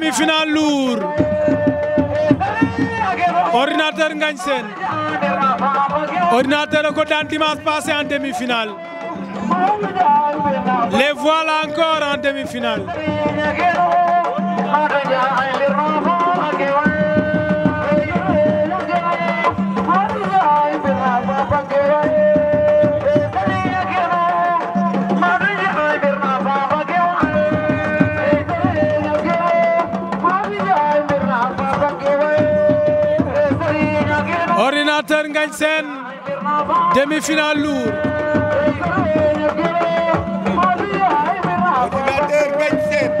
demi-finale lourd ordinateur Ngagne Sène daan dimanche passé en demi-finale les voilà encore en demi-finale ordinateur Ngagne Sène demi-finale lourd ordinateur Ngagne Sène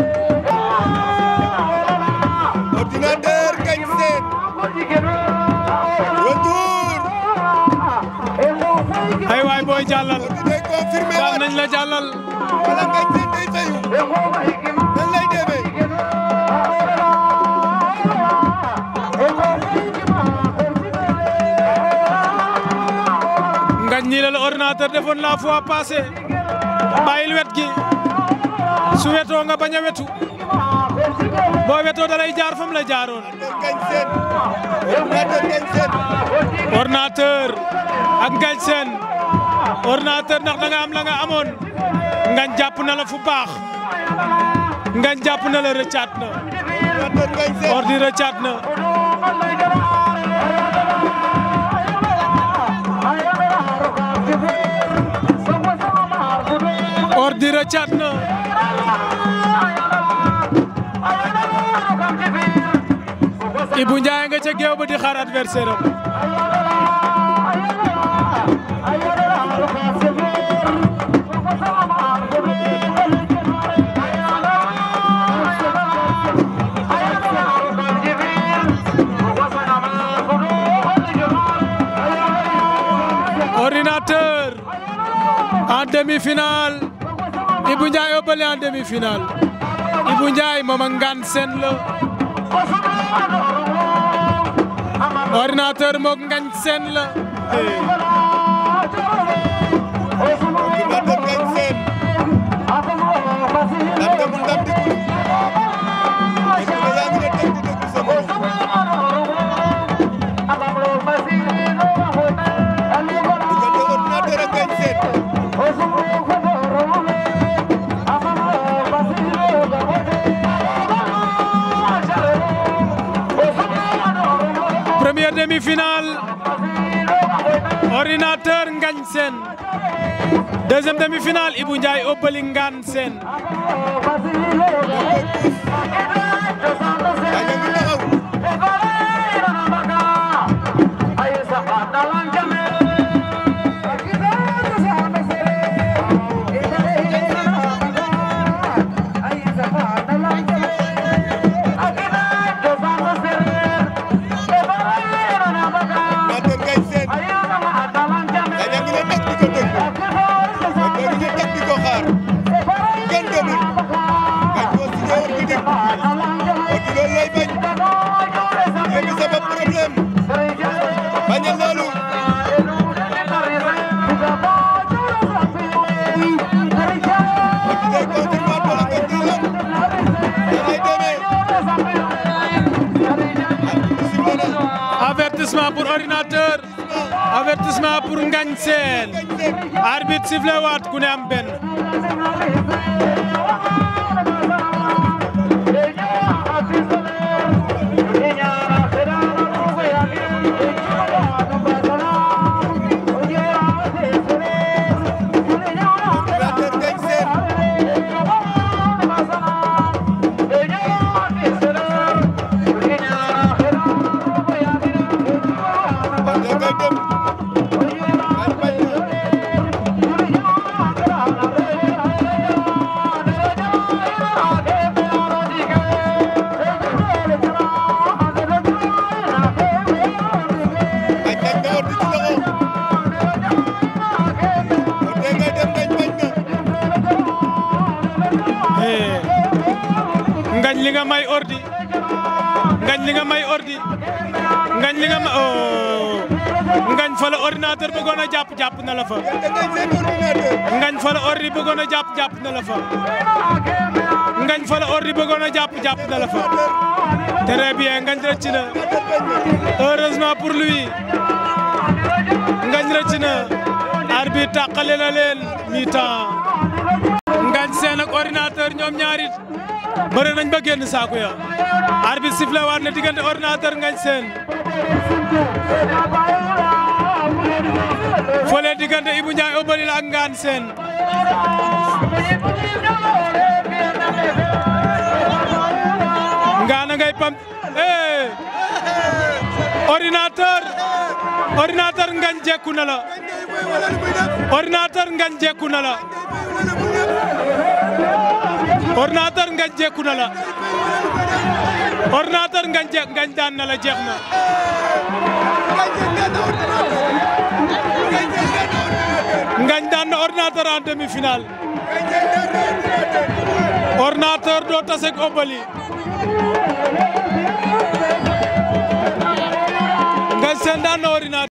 ordinateur Ngagne Sène retour ay booy jàllal dam nañ la jàllal la ordinateur defoon la fois passée bàyyil wet gi su wetoo nga bañ a wetu boo wetoo da lay jaar fam la jaaroon ordinateur ak Ngagne Sène ordinateur ndax da am la nga amoon Ngagne jàpp na la fu baax Ngagne jàpp na la rëccaat na ordi rëccaat Ibou Ndiaye nga ca géew ba di xaar adversaire am ordinateur en demi-finale Ibou Ndiaye Obeuly en demi-finale Ibou Ndiaye moom ak Ngane Sène la ordinateur moog ngañ seen la ordinateur Ngagne Sène deuxième demi-finale Ibou Ndiaye nga Ngane Sène avertissement pour ordinateur avertissement pour Ngagne Sène arbitre sifflé waat ku ne am benn nga may ngañ li nga may ordi nga ma oh jàpp jàpp na la fa. ngañ fa la ordi bëggoon jàpp jàpp na la fa. ngañ fa ordi bëggoon a jàpp jàpp na la fa. très bien ngañ rëcc na heureusement pour ngañ rëcc na arbitre mi-temps. Elton ak ordinateur ñoom ñaarit bëre nañ ba génn saaku ya arbitre sifflé waat na diggante ordinateur ngañ seen fële diggante Ibou Ndiaye Obalil ak ngaan seen ngaana ngay pam eh ordinateur ordinateur jekku na la ordinateur jekku na ordinateur nga jekku na la ordinateur ngañ jekk ngañ daan na la jeex na ngañ daan na ordinateur en demi-finale ordinateur doo tase ak Obeuli ngañ seen na ordinateur